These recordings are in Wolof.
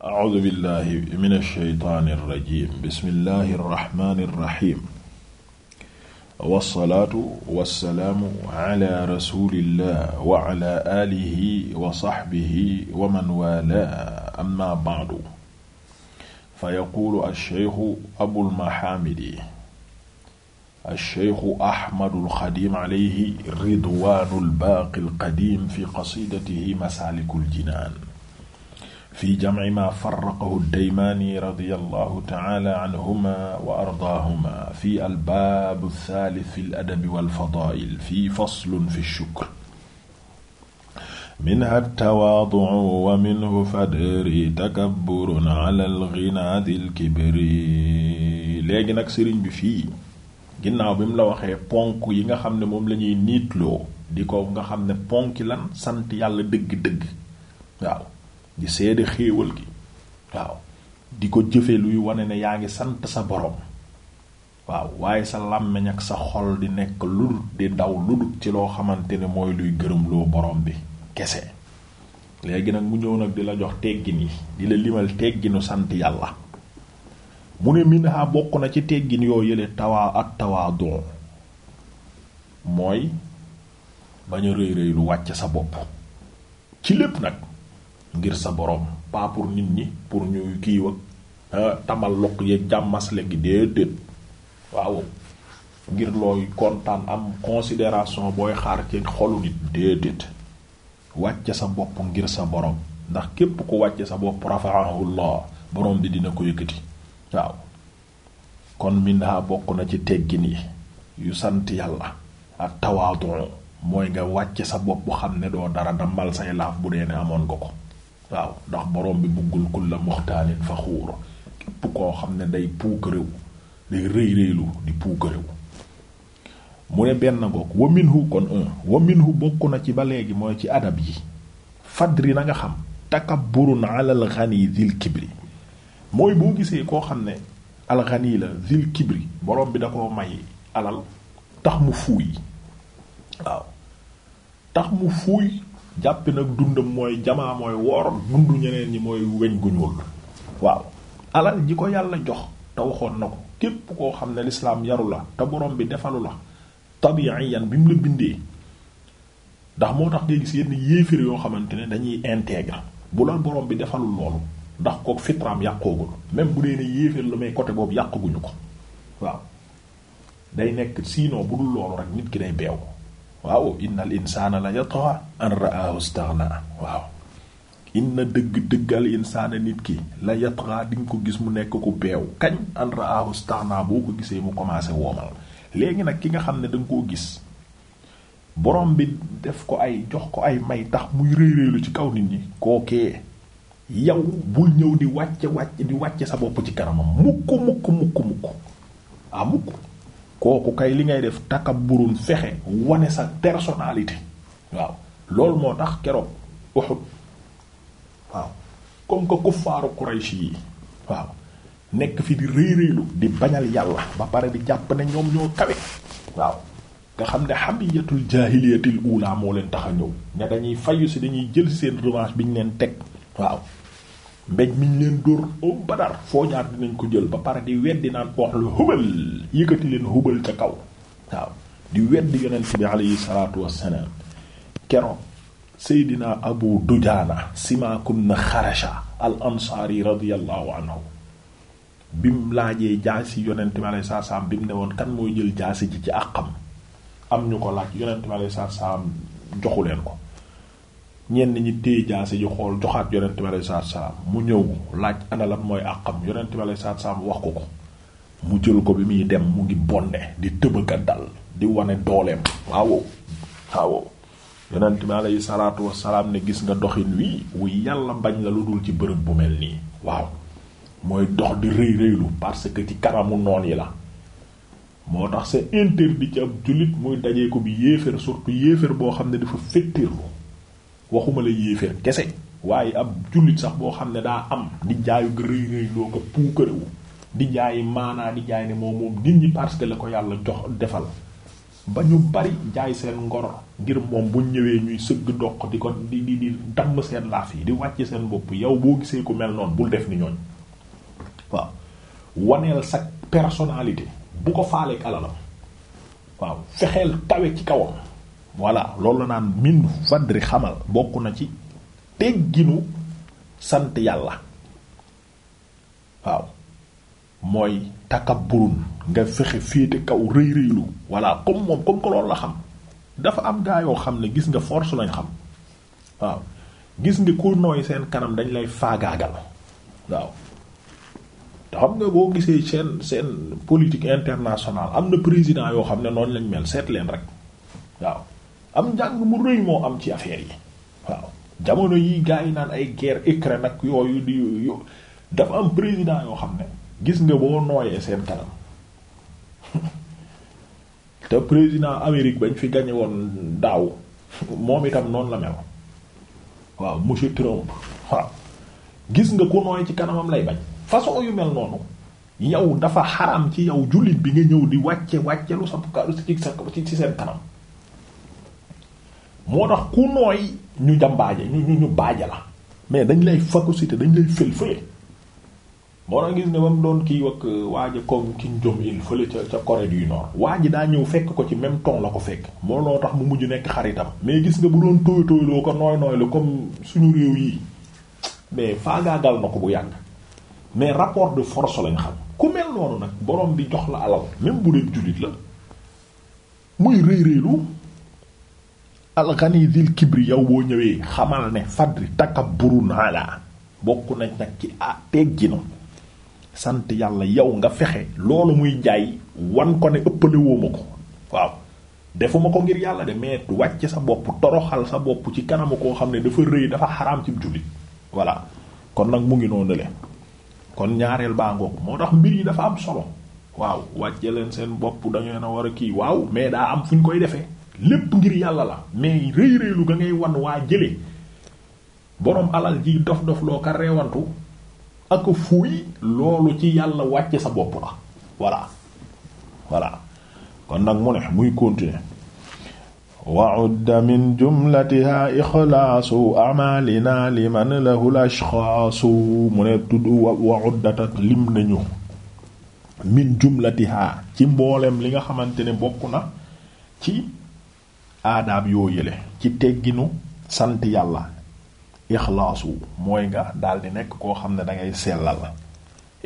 a'uudu billahi mina shaytaani rajiim bismillahi rahmaani rahiim. wasalaatu wasalaamu ala rasulillah wa ala alihi wa saxbihi wa man waalaahu amma ba'du. fa yaquulu ash-shaykhu abul mahaamidi ash-shaykhu ahmadul xadiim alayhi ridwaanul baaqil qadiim fi qasiidatihi masaalikul jinaan. fi jam'i ma farraqahu ad-Daymaani radiyallahu ta'ala anhuma wa ardaahuma fi al-baab ath-thaalith fi al-adab wal-fadaa'il fi faslun fi ash-shukr minha at-tawaadu'u wa minhu fadri takabburun 'ala al-ghinaa dhil-kibri léegi nag sëriñ bi fii ginnaaw bi mu la waxee ponk yi nga xam ne moom la ñuy niitloo di ko nga xam ne ponki lan sant yàlla dëgg-dëgg waaw di seede xéewal gi waaw di ko jëfe luy wane ne yaa ngi sant sa borom waaw waaye sa làmmiñ ak sa xol di nekk lu di daw lu ci loo xamante ne mooy luy gërëm loo borom bi kese léegi nag mu ñëw nag di la jox teggin yi di la limal tegginu sant yàlla mu ne minha bokk na ci teggin yoo yële tawaa at tawaadu mooy bañ a rëy rëy lu wàcc sa bopp ci lépp nag ngir sa borom pas nit ñi pour ñu kii tamal loq yeeg jàmmasle gi déedéet waaw ngir looy kontaan am consideration booy xaar ci xolu nit déedéet wàcce sa bopp ngir sa borom ndax képp ku wàcce sa bopp rafa'ahullah borom bi dina ko yëkkati waaw kon minha bokk na ci teggin yi yu sant yàlla ak tawaadu mooy nga wàcce sa bopp xam ne doo dara damal say laaf bu dee ne amoon nga ko waaw ndax borom bi buggul kulla muxtaalin faxuur képp koo xam ne day puukarewu day rëy rëylu di puukarewu mu ne benn ngoog wa kon un euh, wa bokk na ci ba léegi mooy ci adab yi fadri na nga xam takabburun ala al ghani zil mooy boo gisee koo xam ne al ghani la zil borom bi da koo may alal tax mu fuuy waaw tax mu fuuy jàpp nag dundam mooy jamaa mooy woor dundu ñeneen ñi mooy weñ gu ñuul waaw alal ji ko yàlla jox te waxoon na ko képp koo xam ne lislaam yaru la te borom bi defalu la tabiiyan bi mu la bindee ndax moo tax ngay gis yenn yéeféer yoo xamante ne dañuy intègre bu la borom bi defalul loolu ndax ko fitraam yàqoogul même bu dee ne yéeféer la may côté boobu yàqaguñu ko waaw day nekk sinon bu dul loolu rek nit ki day beew waaw innal insaana la yatgha an ra'ahu istaghna waaw inna dëgg dëggal insaana nit ki la yatgha di ko gis mu nekk ku beew kañ an ra'ahu istaghna boo ko gisee mu commencé woomal léegi nag ki nga xam ne danga koo gis borom bi def ko ay jox ko ay may tax muy rëy rëylu ci kaw nit ñi kookee yow bul ñëw di wàcce wàcce di wàcce sa bopp ci kanamam mukk mukk mukk ah mukk kooku kay li ngay def takabburun fexe wane sa personnalité waaw loolu moo tax keroog Uhud waaw comme que kuffaaru Quraysh yi waaw nekk fi di rëy rëylu di bañal yàlla ba pare di jàpp ne ñoom ñoo kawe waaw nga xam ne hamiyatul jaahiliyatil ula moo leen tax a ñëw ne dañuy fayu si dañuy jël seen revanche bi ñu leen teg waaw mbéj miñ leen dóor om badar foo jaar dinañ ko jël ba pare di weddi naan wax lu hubal yëkkati leen hubal ca kaw waaw di weddi yonent bi alayhi salaatu wassalaam keroog seydina abu dujaana simaakum na xarasha al ansaari radiallahu anhu bim laajee jaasi yonent bi alayhi salaatu bi mu ne woon kan mooy jël jaasi ji ci àqam am ñu ko laaj yonent bi alayhi salaatu joxu leen ko ñenn ñi téye jaase xool joxaat yonent bi aleyhi salaam mu ñëw laaj ana mooy àqam yonent bi aleyhi salaatu salaam wax ko ko mu jël ko bi muy dem mu ngi bonne di tëbëka dal di wane dooleem waaw waaw yonent bi salaatu wassalaam ne gis nga doxin wi wu yàlla bañ la lu dul ci bërëb bu mel nii waaw mooy dox di rëy rëylu parce que ci kanamu noon yi la moo tax c'est interdit ci ab jullit muy dajee ko bi yéefér surtout yéefér boo xam ne dafa féttirlu waxuma la yéeféer kese waaye ab jullit sax boo xam ne daa am di jaayu rëy rëy loo ko puukarewu di jaay maanaa di jaay ne moom moom nit ñi parce que la ko yàlla jox defal ba ñu bari jaay seen ngor ngir moom bu ñëwee ñuy sëgg doq di ko di di di damm seen laaf yi di wàcc seen bopp yow boo gisee ku mel noonu bul def ni ñooñ waaw waneel sa personnalité bu ko faaleek alalam waaw fexeel tawe ci kawam voilà loolu la naan min fadri xamal bokk na ci tegginu sant yàlla waaw mooy takabburun nga fexe te kaw rëy rëylu voilà comme moom comme que loolu la xam dafa am gaa yoo xam ne gis nga force lañ xam waaw gis nga ku nooy seen kanam dañ lay faagaagal waaw te xam nga boo gisee seen seen politique internationale am na président yoo xam ne noonu lañ mel seet leen rek waaw am njàng mu rëy moo am ci affaire yi waaw jamono yi gaa yi naan ay guerre Ukraine nag yooyu di dafa am président yoo xam ne gis nga boo nooyee seen kanam te président Amérique bañ fi gañe woon daaw moom itam noonu la mel waaw monsieur Trump waaw gis nga ku nooy ci kanamam lay bañ façon yu mel noonu yow dafa xaram ci yow jullit bi nga ñëw di wàcce wàcce lu sa ci sa ci seen kanam moo tax ku nooy ñu jambaaje ñu ñu ñu baaja la mais dañ lay phagocyté dañ lay fël-fële moo tax gis ne ba mu doon kii wak euh, waaja comme Kim Jong Il fële ca ca Corée du Nord waa ji daa ñëw fekk ko ci même temps la ko fekk moo loo tax mu mujj nekk xaritam mais gis nga bu doon tooy tooy loo ko nooy nooy la comme suñu réew yi mais faagaagal na ko bu yàgg mais rapport de force lañ xam ku mel noonu nag borom bi jox la alal même bu dee jullit la muy rëy rëylu alxani dil kibri yow boo ñëwee xamal ne fadri naa ala bokk nañ nag ci ah tegginu sant yàlla yow nga fexe loolu muy jaay wan ko ne ëppale ko waaw defuma ko ngir yàlla de mais wàcc sa bopp toroxal sa bopp ci kanamu koo xam ne dafa rëy dafa xaraam ci jullit voilà kon nag mu ngi noonu le kon ñaareel baa ngoog moo tax mbir yi dafa am solo waaw wàcce leen seen bopp da ngeen war a kii waaw mais daa am fu ñu koy defee lépp ngir yàlla la mais rëy rëylu ga ngay wan waa jële boroom alal ji dof dof loo ka reewantu ak fuuy loolu ci yàlla wàcce sa bopp la voilà voilà kon nag mu ne muy continuer wa udda min jumlatiha ixlaasu amalina liman lahu lashxaasu mu ne tudd wa uddata lim nañu min jumlatiha ci mboolem li nga xamante ne bokk na ci aadaab yoo yële ci tegginu sant yàlla ixlaasu mooy nga daldi nekk koo xam ne dangay sellal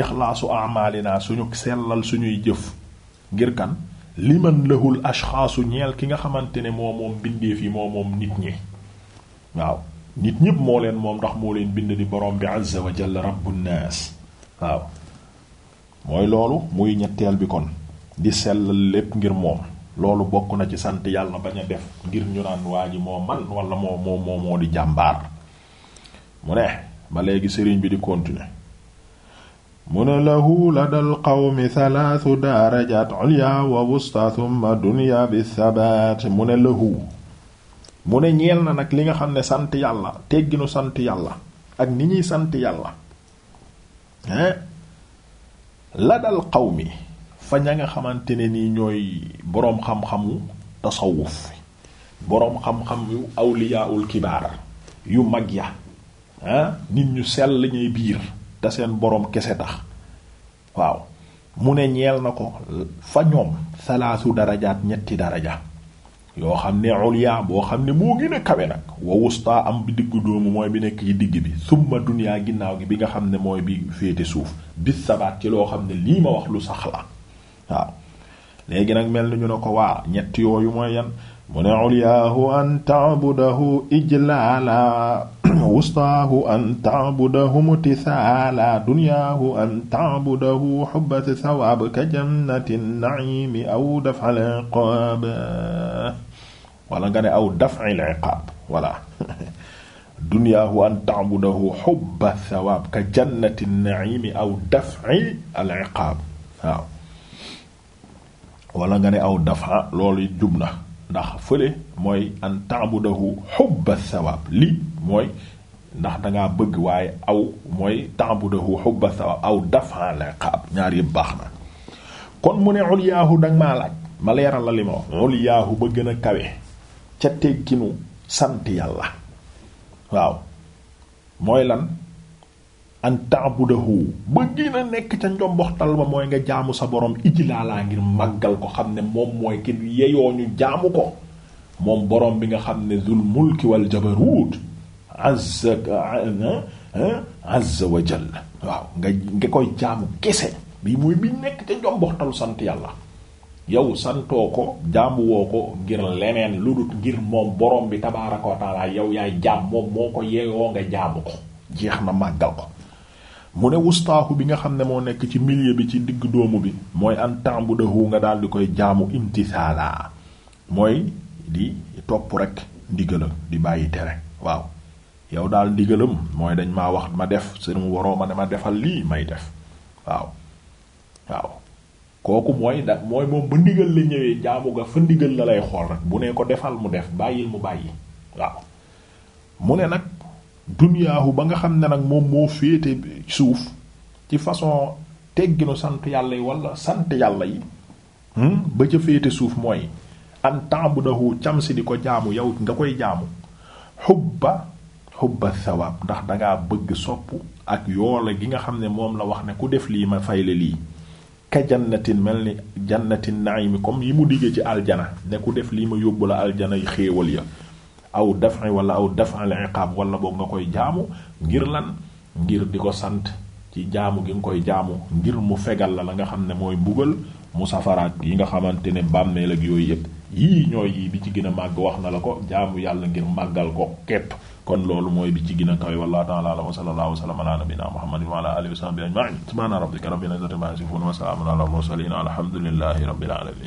ixlaasu amaalinaa suñu sellal suñuy jëf ngir kan liman lahul ashxaasu ñeel ki nga xamante ne moo moom bindeef yi moo moom nit ñi waaw nit ñëpp moo leen moom ndax moo leen bind di borom bi azza wa jalla rabbu naas waaw mooy loolu muy ñetteel bi kon di sellal lépp ngir moom loolu bokk na ci sant yàlla bañ a def ngir ñu naan waa ji moo man wala moo moo moo di jàmbaar mu ne ba léegi sëriñ bi di continuer mu ne lahu ladal qawmi thalathu darajat ulya wa wusta thumma dunya bi thabat mu ne lahu mu ne ñeel na nag li nga xam ne sant yàlla tegginu sant yàlla ak ni ñuy sant yàlla hein ladal qawmi fa ña nga xamante ne nii ñooy boroom xam-xamu tasawuf boroom xam-xam yu kibaar yu mag ya ah, nit ñu sell ñuy biir te seen boroom kese tax waaw mu ne ñeel na ko fa ñoom salaasu darajaat ñetti daraja yoo xam ne ulya boo xam ne moo gën a kawe nag wa wusta am bi diggu doomu mooy bi nekk ci digg bi summa duniyaa ginnaaw bi nga xam ne mooy bi féete suuf bis sabaat ci loo xam ne lii ma wax lu sax la waaw léegi nag mel ni ñu ne ko waa ñett yooyu mooy yan mu ne ulyaahu an taabudahu ijlaala wustaahu an taabudahu mtisaala dunyaahu an taabudahu xubbati sawaab ka jannatin naimi aw dafal iqaab wala nga ne aw dafal iqaab voilà dunyaahu an taabudahu xubba sawaab ka jannatin naimi aw dafal iqaab waaw wala nga ne aw dafa loolu it jub na ndax fële mooy an ta'budahu hubba sawaab li mooy ndax dangaa bëgg waaye aw mooy ta'budahu hubba sawaab aw dafa liqaab ñaar yëpp baax na kon mu ne ulyaahu danga maa laaj ma leeral la li ma wax ulyaahu ba gën a kawe ca tegginu sant yàlla waaw mooy lan an ta'budahu ba gën a nekk ca njomboxtal ba mooy nga jaamu sa borom ijlaalaa ngir màggal ko xam ne moom mooy ki yeyoo ñu jaamu ko moom borom bi nga xam ne zul mulki wal jabarut azza eh, azza wa nga nga koy jaamu kese bii mooy bi nekk ca njomboxtalu sant yàlla yow santoo ko jaamu woo ko ngir leneen lu dul ngir moom borom bi tabaaraka wa yow yaay jaam moom moo ko yeeyoo nga jaamu ko jeex na màggal ko mu ne wustaaxu bi nga xam ne moo nekk ci millier bi ci digg doomu bi mooy an ta'budahu nga daal di koy jaamu imtisaala mooy di topp rek ndigalam di bàyyi tere waaw yow daal ndigalam mooy dañ ma wax ma def seen waroo ma ne ma defal lii may def waaw waaw kooku mooy da mooy moom ba ndigal la ñëwee jaamu nga fa ndigal la lay xool rek bu ne ko defal mu def bàyyil mu bàyyi waaw mu ne nag duniyaahu ba nga xam ne nag moom moo féete suuf ci façon tegginu sant yàlla yi wala sant yàlla yi hmm, ba ca féete suuf mooy an daxu cam si di ko jaamu yow nga koy jaamu xubba xubba sawaab ndax danga bëgg sopp ak yoola gi nga xam ne moom la wax ne ku def lii ma fayle lii ka jannatin mel ni jannatin mi comme yi mu diggee ci aljana ne ku def lii ma yóbbu la aljana yi xéewal ya aw daf'i wala aw daf'al iqaab wala boo nga koy jaamu ngir lan ngir di ko sant ci jaamu gi nga koy jaamu ngir mu fegal la la nga xam ne mooy bugal mu safaraat yi nga xamante ne bàmmeel ak yooyu yëpp yii ñooy yii bi ci gën a màgg wax na la ko jaamu yàlla ngir màggal ko képp kon loolu mooy bi ci gën a kawe wallahu ta'ala wa sallallahu wa sallama ala nabiyyina muhammadin wa ala alihi wa sahbihi ajma'in subhana rabbika rabbil izzati amma yasifun wa salamun ala al mursalin alhamdulillahi